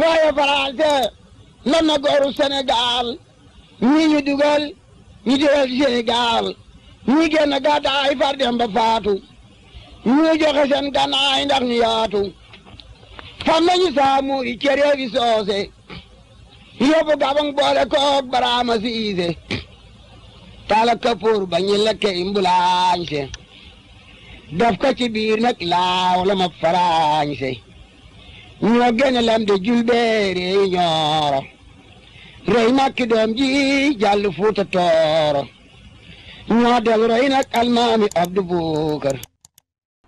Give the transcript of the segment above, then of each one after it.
waaye Faranse man na gooru Sénégal ñii ñu dugal ñu dugal Sénégal ñii génn gàddaay far dem faatu ñii joxe seen gànnaay ndax ñu yaatu fam nañu saamuur yi cëree fi soose yóbbu gabang boole koog baraama siise tala kapoor ba ñi lekke imbulaañse daf ko ci biir nag laaw la ma faraañse ñoo gën a lam de julbeeri ñooro rey makki doom ji jàll fuuta tooro ñoo del rey nag almaami abdu buukar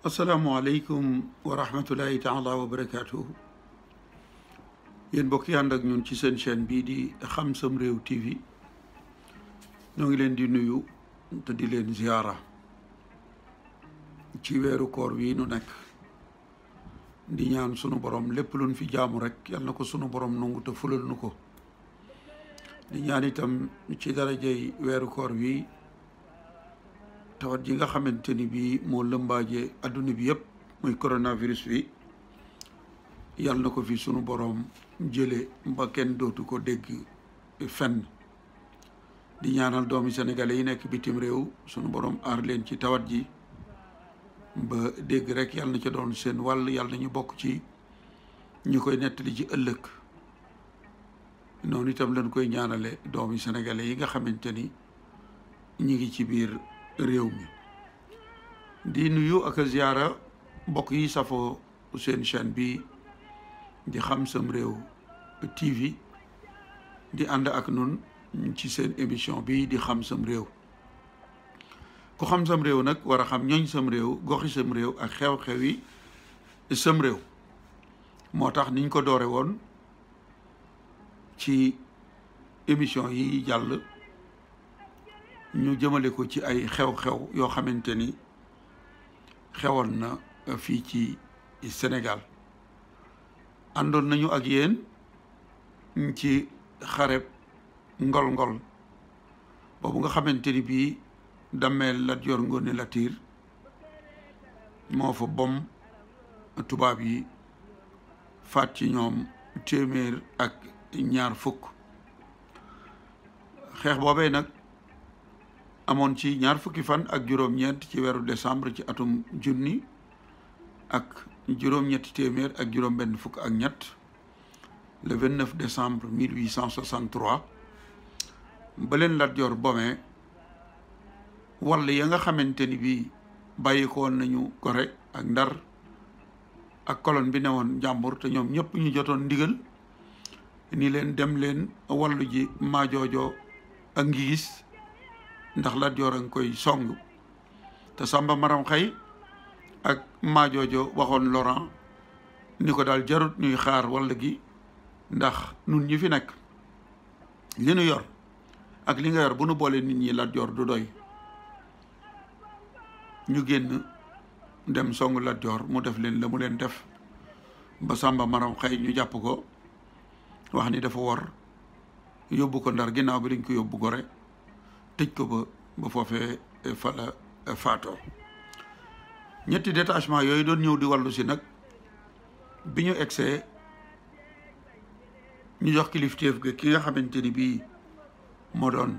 asalaamualeykum wa rahmatullahi taala wa barakaatuhu yéen mbokk yi ak ñun ci seen chaîne bii di Xam Sam Réew TV ñoo ngi leen di nuyu te di leen ziyaara ci weeru koor wi nu nekk di ñaan sunu borom lépp luñ fi jaamu rek yal na ko sunu borom nangu te fulal nu ko di ñaan itam ci darajey weeru koor wi tawat ji nga xamante ni bii moo lëmbaaje adduna bi yëpp muy coronavirus bi yal na ko fi sunu borom jële ba kenn dootu ko dégg fenn di ñaanal doomi sénégalais yi nekk bitim réew sunu borom aar leen ci tawat ji ba dégg rek yàlla na ca doon seen wàll yàlla na ñu bokk ci ñu koy nettali ci ëllëg noonu itam lañ koy ñaanale doomi sénégalais yi nga xamante ni ñi ngi ci biir réew mi di nuyu ak ziara bokk yi safoo seen chaîne bi di xam sam réew TV di ànd ak nun ci seen émission bi di xam sam réew ku xam sam réew nag war a xam ñooñ sam réew goxi sam réew ak xew-xew yi sam réew moo tax niñ ko doore woon ci émission yi jàll ñu jëmale ko ci ay xew-xew yoo xamante ni xewoon na fii ci Sénégal àndoon nañu ak yéen ci xareeb ngol-ngol boobu nga xamante ni bii dammeel Lat Joor Ngoone Latiir moo fa bom tubaab yi faat ci ñoom téeméer ak ñaar fukk xeex boobee nag amoon ci ñaar fukki fan ak juróom-ñeent ci weeru décembre ci atum junni ak juróom-ñetti téeméer ak juróom-benn fukk ak ñett le 29 décembre 1863 ba leen Lat Joor wàll ya nga xamante ni bii bàyyikoon nañu ko rek ak ndar ak colonne bi newoon jàmbur te ñoom ñëpp ñu jotoon ndigal ni leen dem leen wallu ji maajoojoo ak ngiis ndax Lat Joor a ngi koy song te Samba Maram Xay ak maajoojo waxoon Laurent ni ko daal jarut ñuy xaar wàll gi ndax nun ñi fi nekk li nu yor ak li nga yor bu nu boole nit ñi Lat Joor du doy ñu génn dem song la dior mu def leen la mu leen def ba samba maram xey ñu japp ko wax ni dafa wor yobbu ko ndar ginaaw bi liñ ko yobbu gore tëj ko ba ba fofé eh, fa la eh, faato ñetti détachement yoy doon ñew di walu ci nak biñu ñu jox ga ki nga xamanteni bi bii doon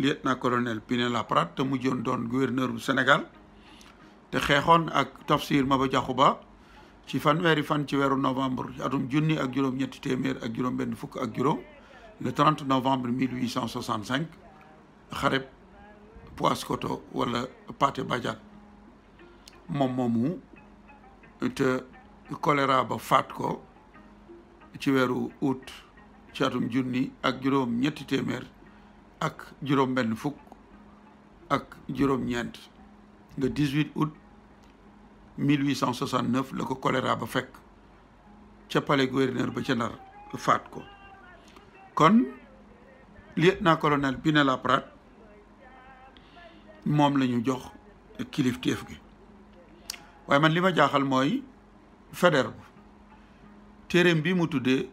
lieutenant colonel Pinel Laprade te mujjoon doon gouverneur du Sénégal te xeexoon ak tafsir Maba Diakhou Ba ci fanweeri fan ci weeru novembre atum junni ak juróom ñetti téeméer ak juróom benn fukk ak juróom le 30 novembre 1865 xareb Paoskoto wala Pathé Badiate moom moomu te choléra ba faat ko ci weeru août ci atum junni ak juróom ñetti téeméer ak juróom benn fukk ak juróom ñeent le 18 août 1869 le choléra ba gouverneur de ca lieutenant-colonel Pinel Aprat, moom fait ñu kilif kilifteef gi waaye man un jaaxal bi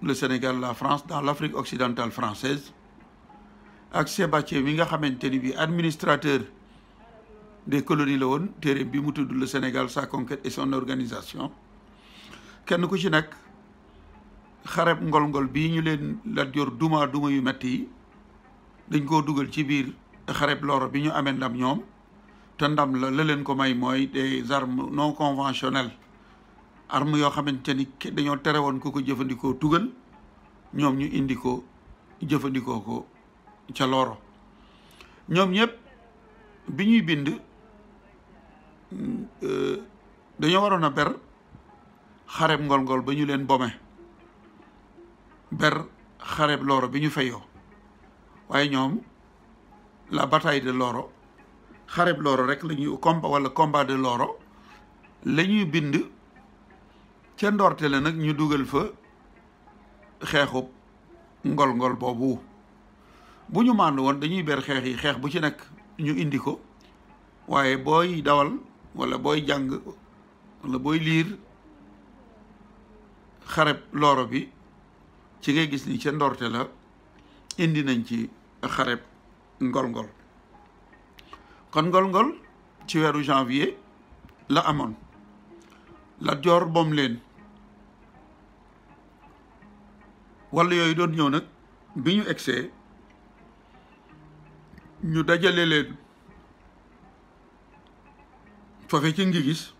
le Sénégal la France dans l'Afrique occidentale française ak Sébastien qui nga administrateur des colonies la woon téere bi mu tudd le Sénégal sa conquête et son organisation kenn ku ci nekk xareb ngol-ngol bii ñu leen Lat Joor duma duma yu metti yi dañ koo dugal ci biir xareb loro bi ñu amee ndam ñoom te ndam la la leen ko may mooy des sarme non conventionnelles armes yoo xamante ni dañoo tere woon ku ko jëfandikoo tugal ñoom ñu indi ko jëfandikoo ko ca loro ñoom ñëpp bi ñuy bind Euh, dañoo waroon a ber xareb ngol-ngol ba ñu leen bome ber xareb looro bi ñu fayoo waaye ñoom la bataille de Loro xareb looro rek lañuy ñuy combat wala combat de Loro la ñuy bind ca ndoorte la nag ñu dugal fa xeexub ngol-ngol boobu bu ñu mànd woon dañuy ber xeex yi xeex bu ci nekk ñu indi ko waaye booy dawal wala booy jàng wala booy liir xareb loro bi ci ngay gis ni ci ndorte la indi nañ ci xareb ngol-ngol kon ngol-ngol ci weeru janvier la amoon la joor boom leen wala yooyu doon ñëw nag bi ñu egsee ñu dajale leen foofee ci ngigis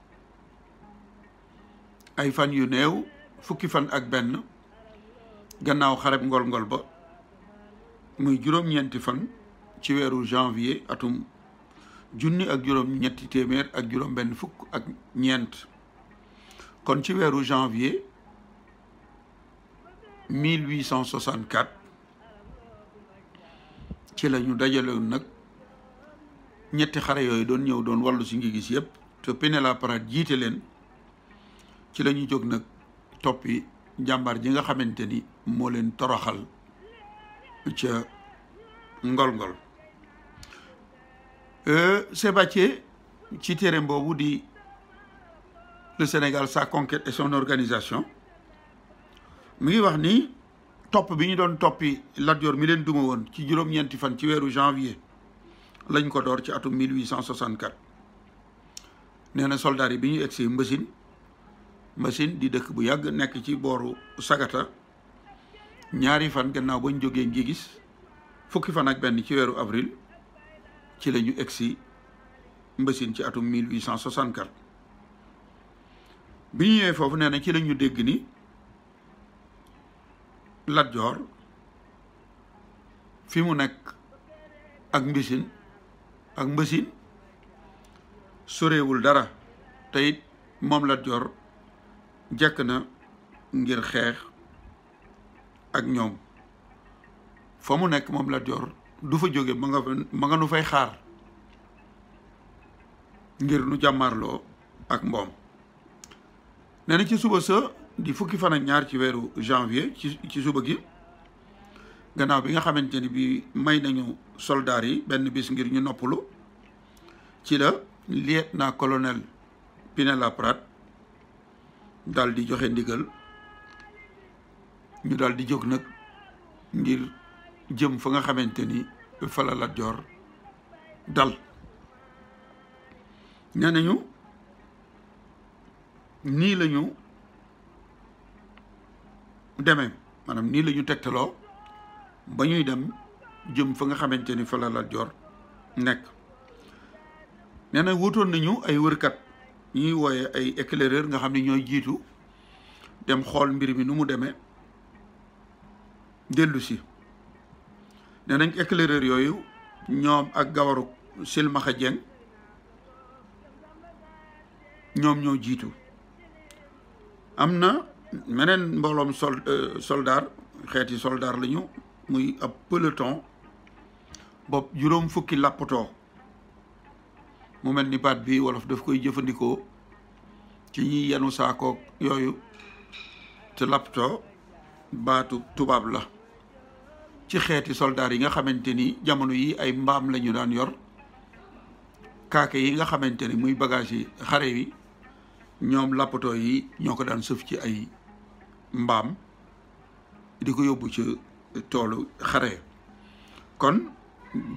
ay fan yu néew fukki fan ak benn gannaaw xareb ngol-ngol ba muy juróom-ñeenti fan ci weeru janvier atum junni ak juróom ñetti téeméer ak juróom benn fukk ak ñeent kon ci weeru janvier 1864 ci lañu dajaloon nag ñetti xare yooyu doon ñëw doon wàllu si ngi gis yëpp te Penelope Prat jiite leen ci la ñu jóg nag toppi njàmbaar ji nga xamante ni moo leen toroxal ca ngol-ngol euh, Sébastien ci téere boobu di le Sénégal sa conquête et son organisation mu ngi wax ni topp bi ñu doon toppi Lat Joor mi leen duma woon ci juróom-ñeenti fan ci weeru janvier lañ ko door ci atum 1864 nee soldat yi biñu ñu mbasin di dekk bu yàgg nek ci boru sagata ñaari fan gannaaw bañ joggé ngi gis fukki fan ak ben ci wéru avril ci lañu egsi mbasin ci atum 1864 biñu ñëw fofu foofu ci lañu dégg ni Lat jor fi mu nek ak ak mbësin sorewul dara te it moom Lat Joor jekk na ngir xeex ak ñoom fa nekk moom Lat Joor du fa jóge ma nga nu fay xaar ngir nu jàmmaarloo ak mbom nee na ci suba sa di fukki fan ak ñaar ci weeru janvier ci ci suba gi gannaaw bi nga xamante ni bi may nañu soldaar yi benn bis ngir ñu noppalu ci la lieutenant colonel Pinet-Laprade dal di joxe ndigal ñu dal di jóg nag ngir jëm fa nga xamante ni fa dal nee nañu nii lañu demee maanaam nii la ñu tegtaloo ba ñuy dem jëm fa nga xamante ni fa Joor nekk nee na wutoon nañu ay wërkat ñuy wooye ay éclaireur nga xam ni ñooy jiitu dem xool mbir mi nu mu demee dellu si nee nañ éclaireur yooyu ñoom ak gawaru silmaxa jeng ñoom ñoo jiitu am na meneen mbooloom sol euh, soldaar xeeti soldaar lañu muy ab peloton bopp juróom fukki làppatoo mu mel ni baat bi wolof daf koy jëfandikoo ci ñi yenu saakook yooyu te lapto baatu tubaab la ci xeeti soldaar yi nga xamante ni jamono yi ay mbaam lañu daan yor kaake yi nga xamante ni muy bagage yi xare yi ñoom làppatoo yi ñoo ko daan sëf ci ay mbaam di ko yóbbu ci toolu xare kon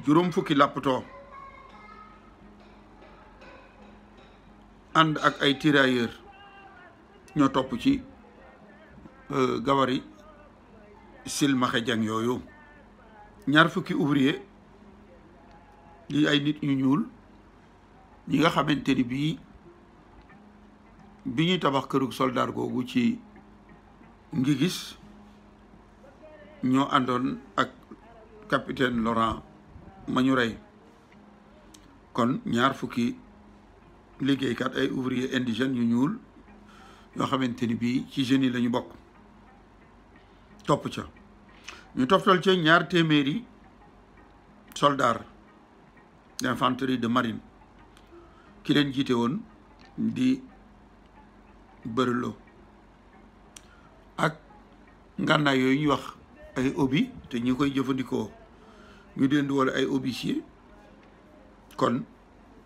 juróom fukki làppatoo ànd ak ay tirailleurs ñoo topp ci euh, gawari silmaxe jang yooyu ñaar fukki ouvrier di ay nit ñu ñuul ñi nga xamante ni bii bi ñuy tabax kërug soldaar googu ci ngi ñoo àndoon ak capitaine Laurent mañu rey kon ñaar fukki liggéeykat ay ouvrier indigènes yu ñuul yoo xamante ni bii ci jeunes yi la bokk topp ca ñu toftal ca ñaar téeméeri soldats d'infanterie de marine ki leen jiite woon di bërilo ak ngànnaay yooyu ñuy wax ay obi te ñu koy jëfandikoo ñu deen di ay obicier kon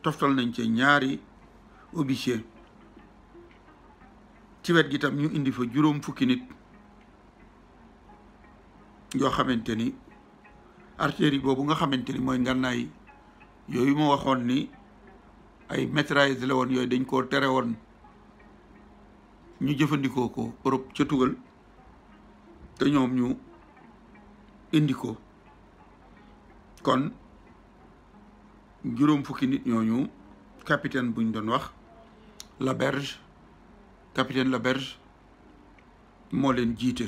toftal nañ ci ñaari obicier ci wet gi tam ñu indi fa juróom fukki nit yoo xamante ni artillerie boobu nga xamante ni mooy ngànnaay yooyu moo waxoon ni ay mitrailleuse la woon yooyu dañ koo tere woon ñu jëfandikoo ko Europe ca tugal te ñoom ñu indi ko kon juróom fukki nit ñooñu capitaine buñ doon wax Laberge capitaine Laberge moo leen jiite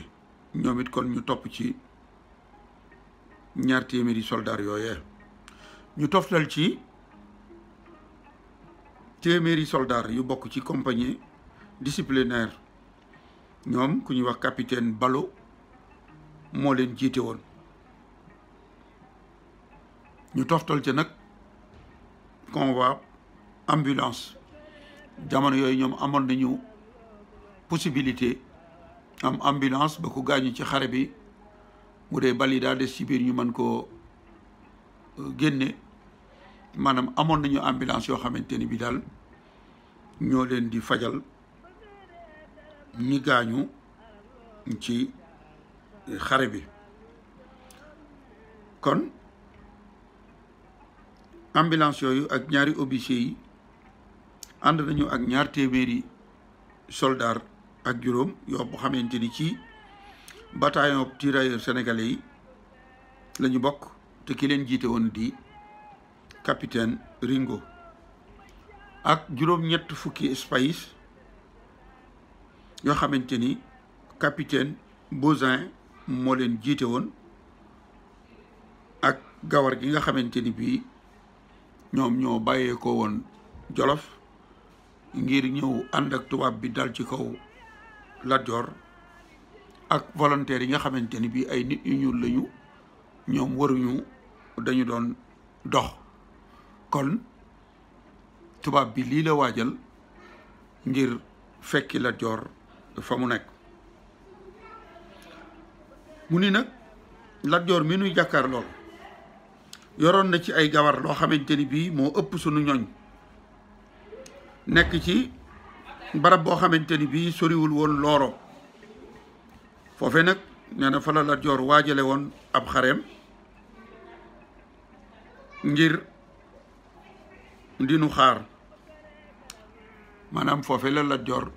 ñoom kon ñu topp ci ñaar téeméeri soldaar yooyee ñu toftal ci téeméeri soldaar yu bokk ci compagnie disciplinaire ñoom ku ñuy wax capitaine Balo moo leen jiite woon ñu toftal ci nag convoi ambulance jamono yooyu ñoom amoon nañu possibilité am ambulance ba ko gaañu ci xare bi mu dee bali yi daa des ci biir ñu mën koo euh, génne maanaam amoon nañu ambulance yoo xamante ni bi daal ñoo leen di fajal ñi gaañu ci xare bi kon ambulance yooyu ak ñaari officier yi ànd nañu ak ñaar téeméeri soldat ak juróom yoo bu xamante ni ci bataillon tirailleurs sénégalais yi lañu ñu bokk te ki leen jiite woon di capitaine Ringo ak juróom-ñett fukki Spahis yoo xamante ni capitaine Bauzin moo leen jiite woon ak gawar gi nga xamante ni bii ño bayé ko won jolof ngir ñew andak ak bidal bi dal ci kaw la Joor ak volontaire yi nga xamanteni ni ay nit yu ñuul lañu ñoom waruñu dañu doon dox kon tubaab bi li la wajal ngir fekki la Joor fa mu nek muni nak la mi jakar lool yoroon na ci ay gawar loo xamante ni bii moo ëpp sunu ñooñ nekk ci barab boo xamante ni bii soriwul woon looro foofe nag nee na fa la Lat Joor waajale woon ab xareem ngir dinu xaar maanaam foofe la Lat Joor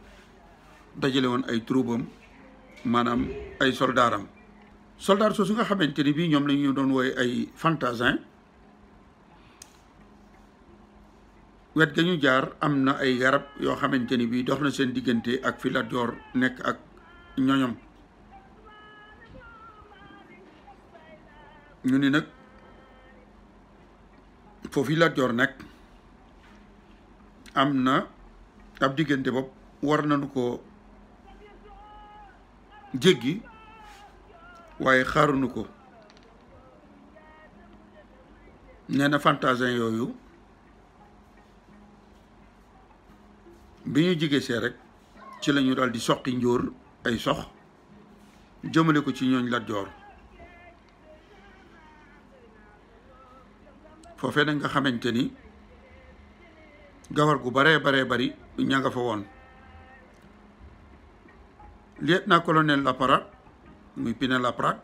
dajale woon ay troubam maanaam ay soldaaram soldaar soosu nga xamante ni bii ñoom la doon wooye ay fantasin wet ga ñu jaar am na ay garab yoo xamante ni bii dox na seen diggante ak fi Lat Joor nekk ak ñoñom ñu ni nag foofu Lat Joor nekk am na ab diggante bopp war nañu ko jéggi waaye xaarunu ko nee na fantasin yooyu biñu jige sé rek ci lañu dal di soxi ndior ay sox jëmele ko ci ñooñ Lat nga xamanteni gawar gu bare bare bari ña nga fa kolonel na colonel para muy la para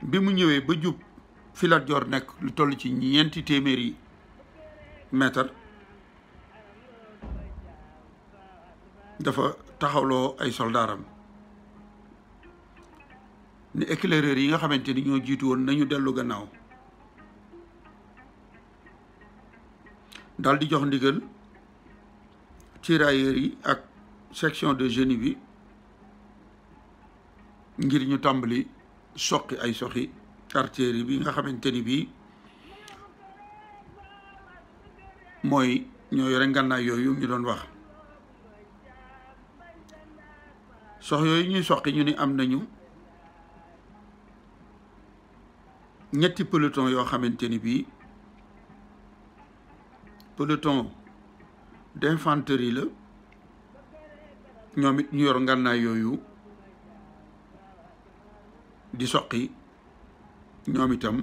bi mu ñëwé ba jup fi Lat lu toll ci ñenti téméri mètre dafa taxawloo ay soldaaram ni éclaireurs yi nga xamante ni ñoo jiitu woon nañu dellu gannaaw dal di jox ndigal tirailleurs yi ak section de génie bi ngir ñu tàmbali soqi ay soxi quartier yi bi nga xamante ni bii mooy ñoo yore ngànnaay yooyu ñu doon wax sox yooyu ñuy soqi ñu ni am nañu ñetti peloton yoo xamante ni bii peloton d'infanterie la ñoomit ñu yor ngànnaay yooyu di soqi ñoom itam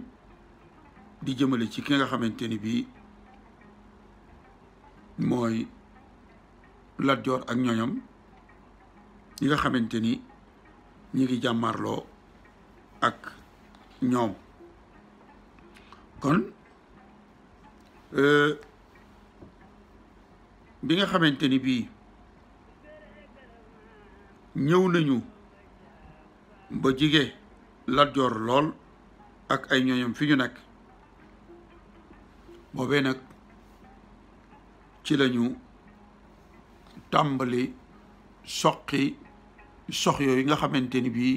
di jëmale ci ki nga xamante ni bii mooy Lat ak ñooñam ñi nga xamante ni ñi ngi jàmmarloo ak ñoom kon euh, bi nga xamante ni bii ñëw nañu ba jige lajoor lool ak ay ñooñam fi ñu nekk boobee nag ci lañu tàmbali soqi sox yooyu nga xamante ni bii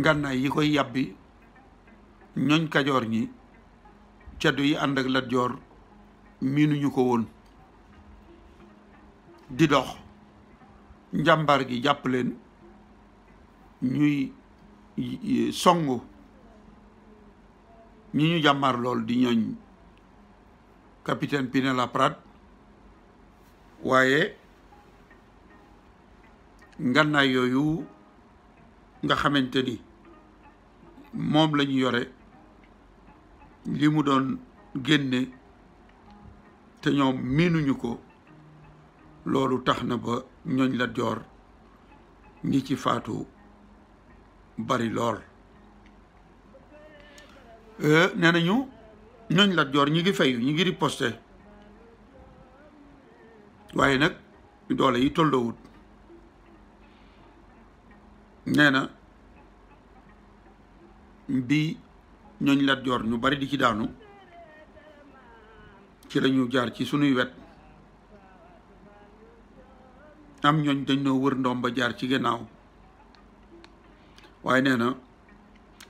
ngànnaay yi koy yàbbi ñoñ kajoor ñi ceddu yi ànd ak Lat Joor miinuñu ko woon di dox njàmbaar gi jàpp leen ñuy songu ñi ñu jàmbaar lool di ñooñ capitaine Pinet-Laprade waaye ngànnaay yooyu nga xamante ni moom lañu yore li mu doon génne te ñoom miinuñu ko loolu tax na ba ñooñ la joor ñi ci faatu bari lool euh, nee nañu ñooñ la joor ñi ngi fayu ñi ngi riposte waaye nag doole yi tolloowut nee na bi ñooñ Lat Joor ñu bari di ci daanu ci lañu jaar ci sunuy wet am ñooñ dañ noo wër ndoom ba jaar ci gannaaw waaye nee na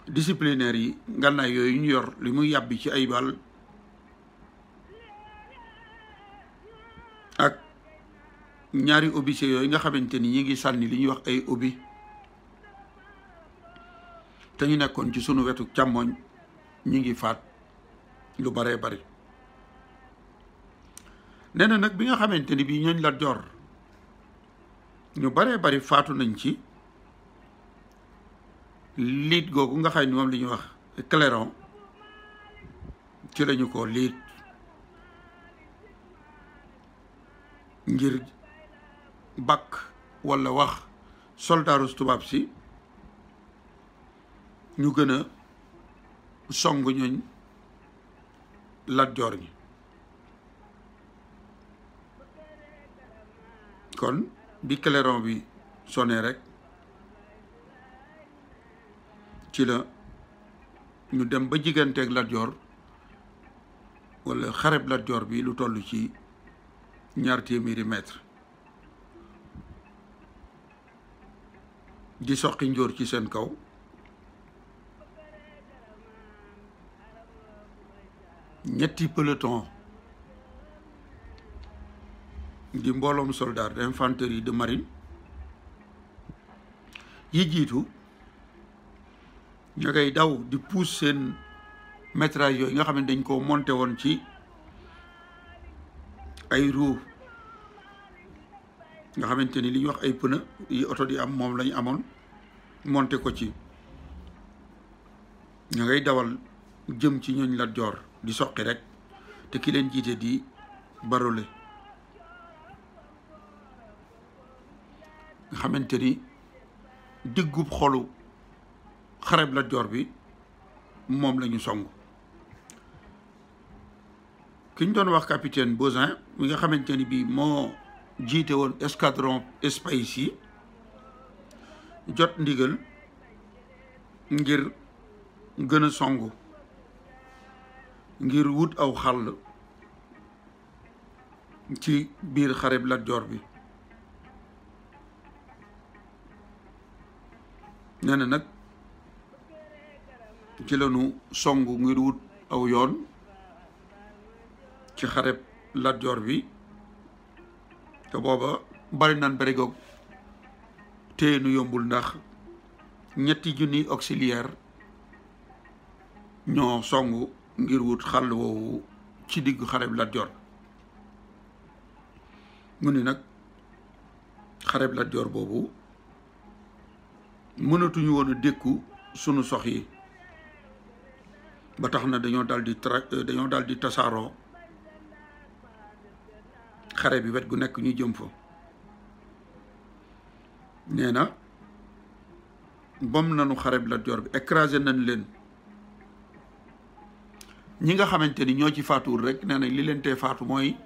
disciplinaire yi ngànnaay yooyu ñu yor li muy yàbbi ci ay bal ak ñaari officier yooyu nga xamante ni ñi ngi sànni li ñuy wax ay obi te ñu nekkoon ci sunu wetu càmmoñ ñu ngi faat lu baree bari nee nag bi nga xamante ni bii ñooñ la jor ñu baree bari faatu nañ ci liit googu nga xam li ñuy wax clairon ci lañu ko liit ngir bakk walla wax soldaaru tubaab si ñu gën a song ñooñ Lat Joor kon bi clairon bi sonné rek ci la ñu dem ba jigganteeg Lat Joor wala xareb Lat bi lu toll ci ñaar di soqi njóor ci seen kaw ñetti peloton di mbooloom soldat d'infanterie de marine yi jiitu ña koy daw di puus seen métrage yooyu nga xam ne dañ koo monte woon ci ay roue nga xamante ni li wax ay pneu yi oto di am moom lañu amoon monté ko ci ña ngay dawal jëm ci ñooñ la joor di soqi rek te ki leen jiite di barole nga xamante ni diggub xolu xareb la joor bi moom la ñu song ki doon wax capitaine Bozin mi nga xamante ni bii moo jiite woon escadron Espace yi jot ndigal ngir gën a songu ngir wut aw xàll ci biir xareb Lat Joor bi nene nag ci lañu song ngir wut aw yoon ci xareb Lat bi te booba bari naan bari goog nu yombul ndax ñetti junniy auxiliaire ñoo songu ngir wut xàll woowu ci diggu xareb Lat Joor mu ni nag xareb Lat Joor boobu mënatuñu woon dékku sunu sox yi ba tax na dañoo daal di tra dañoo daal di tasaaroo xare bi wet gu nekk ñu jëm fa nee na bom nanu xareb Lat Joor bi écrasé nañ leen ñi nga xamante ni ñoo ci faatuwul rek nee nañ li leen tee faatu mooy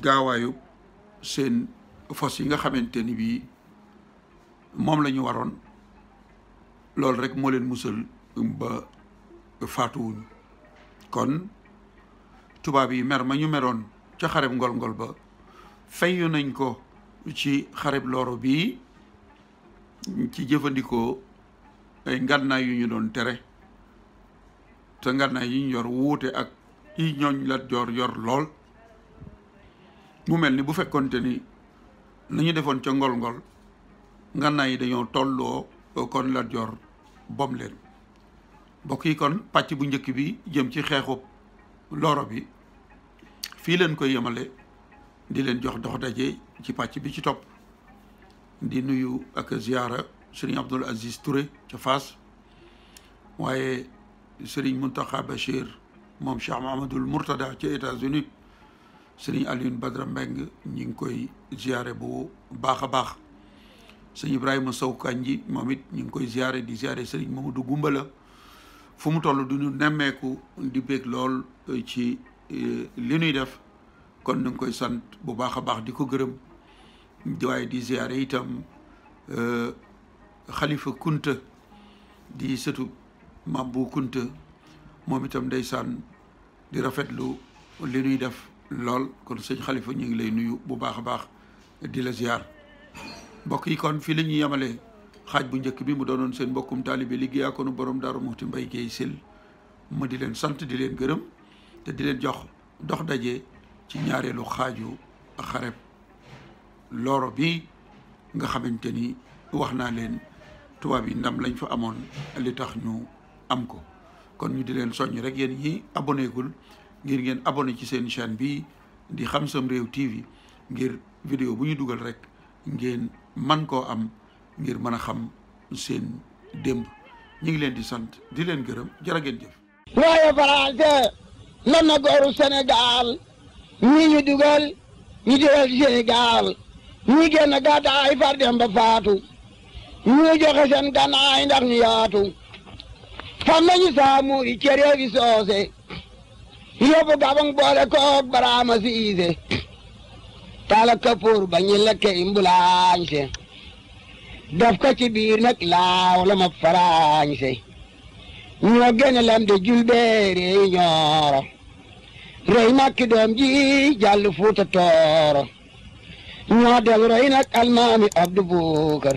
gaawaayu seen fos yi nga xamante ni bii moom lañu waroon loolu rek moo leen musal ba faatuwuñ kon tubaab yi mer ma ñu meroon ca xareb ngol-ngol ba fayyu nañ ko ci xareb loro bii ci jëfandikoo ay ngànnaay yu ñu doon tere te ngànnaay yi ñu yor wuute ak yi ñooñ Lat Joor yor lool mu mel ni bu fekkonte ni nañu defoon ca ngol-ngol ngànnaay yi dañoo tolloo kon Lat yor bom leen bokk yi kon pàcc bu njëkk bi jëm ci xeexu loro bi fii leen koy yemale di leen jox dox daje ci pàcc bi ci topp di nuyu ak ziyaara Sëriñ Abdul Aziz Touré ca Faas waaye sëriñ Mountakha Bachir moom Cheikh Mahamadul Mourtada ci États-Unis sëriñ Alioune Badara Mbengue ñi ngi koy ziare bu baax a baax sëñ Ibrahima Sow ji moom it ñi ngi koy ziare di ziare sëriñ du Gumbala fu mu toll du ñu nemmeeku di bég lool euh, ci euh, li ñuy def kon ñu koy sant bu baax a baax di ko gërëm di waaye di ziare itam xalifa euh, Kunta di sëtu Mabou Kunta moom itam sànn di rafetlu li nuy def lool kon sëñ Xalifa ñu ngi lay nuyu bu baax a baax di la ziar mbokk yi kon fii la ñuy yemale xaaj bu njëkk bi mu doonoon seen mbokkum taalibe liggéeyaa konu borom Daaru Muxti Mbay Géey Sil ma di leen sant di leen gërëm te di leen jox dox daje ci ñaareelu xaaju xareb looro bi nga xamante ni wax naa leen tubaab yi ndam lañ fa amoon li tax ñu am ko kon ñu di leen soñ rek yeen yi abonné gul ngir ngeen abonné ci seen chaîne bi di xam sam rew tv ngir vidéo bu ñu duggal rek ngeen man ko am ngir mëna xam seen demb ñi ngi leen di sante di leen gërëm jara ngeen jëf waye français man na gooru sénégal ñi ñu dugal ñu dugal sénégal ñi génn gàddaay far dem ba faatu ñu joxe seen ganaay ndax ñu yaatu xamnañu saamu i cereefi soose yóbbu gabang boole koog baraama siise tala kapoor ba ñi lekke imbulaañse daf ko ci biir laaw la ma faraañse ñoo gene lam de julbeere yi ñooro rey makki doom ji jàll fuuta tooro ñoo del roy nag almaami abdu buukar